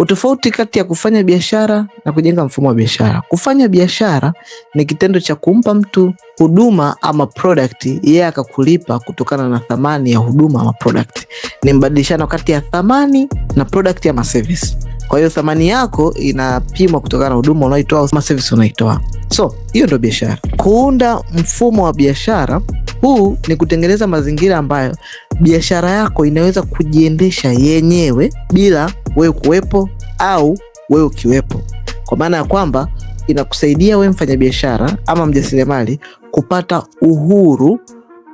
Utofauti kati ya kufanya biashara na kujenga mfumo wa biashara. Kufanya biashara ni kitendo cha kumpa mtu huduma ama product, yeye akakulipa kutokana na thamani ya huduma ama product. Ni mbadilishano kati ya thamani na product ama service. Kwa hiyo thamani yako inapimwa kutokana na huduma unaoitoa ama service unaitoa. So hiyo ndio biashara. Kuunda mfumo wa biashara huu ni kutengeneza mazingira ambayo biashara yako inaweza kujiendesha yenyewe bila wewe kuwepo au wewe ukiwepo, kwa maana ya kwamba inakusaidia wewe mfanyabiashara ama mjasiriamali kupata uhuru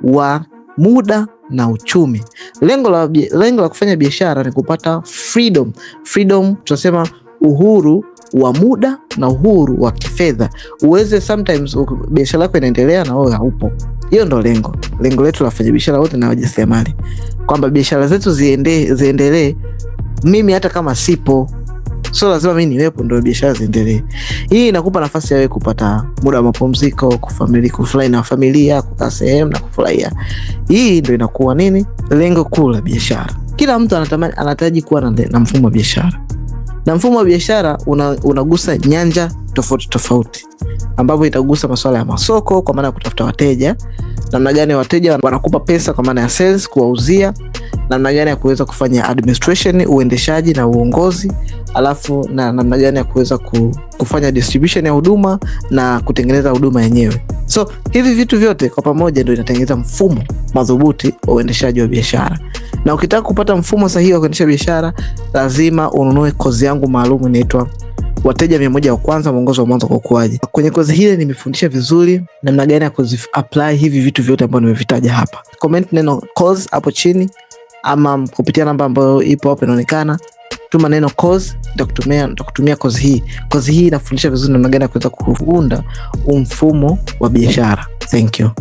wa muda na uchumi. Lengo la, lengo la kufanya biashara ni kupata freedom. Freedom tunasema uhuru wa muda na uhuru wa kifedha, uweze sometimes biashara yako inaendelea na wewe haupo. Hiyo ndo lengo lengo letu la wafanyabiashara wote na wajasiriamali, kwamba biashara zetu ziende, ziendelee mimi hata kama sipo, so lazima mi niwepo ndo biashara ziendelee. Hii inakupa nafasi ya wewe kupata muda wa mapumziko, kufamili, kufurahi na familia, kukaa sehemu na kufurahia. Hii ndo inakuwa nini, lengo kuu la biashara. Kila mtu anatamani, anahitaji kuwa na, na mfumo wa biashara na mfumo wa biashara una, unagusa nyanja tofauti tofauti ambapo itagusa masuala ya masoko kwa maana ya kutafuta wateja, namna gani wateja wanakupa pesa kwa maana ya sales, kuwauzia, namna gani ya kuweza kufanya administration, uendeshaji na uongozi, alafu na namna gani ya kuweza kufanya distribution ya huduma na kutengeneza huduma yenyewe. So hivi vitu vyote kwa pamoja ndio inatengeneza mfumo madhubuti wa uendeshaji wa biashara, na ukitaka kupata mfumo sahihi wa kuendesha biashara lazima ununue kozi yangu maalum inaitwa wateja mia moja wa kwanza, mwongozo wa mwanzo kwa ukuaji. Kwenye kozi hili nimefundisha vizuri namna gani ya kuzi hivi vitu vyote ambavyo nimevitaja hapa. Comment neno course hapo chini ama kupitia namba ambayo ipo hapo inaonekana, tuma neno course, nitakutumia nitakutumia kozi hii. Kozi hii inafundisha vizuri namna gani ya kuweza kuunda umfumo wa biashara. Thank you.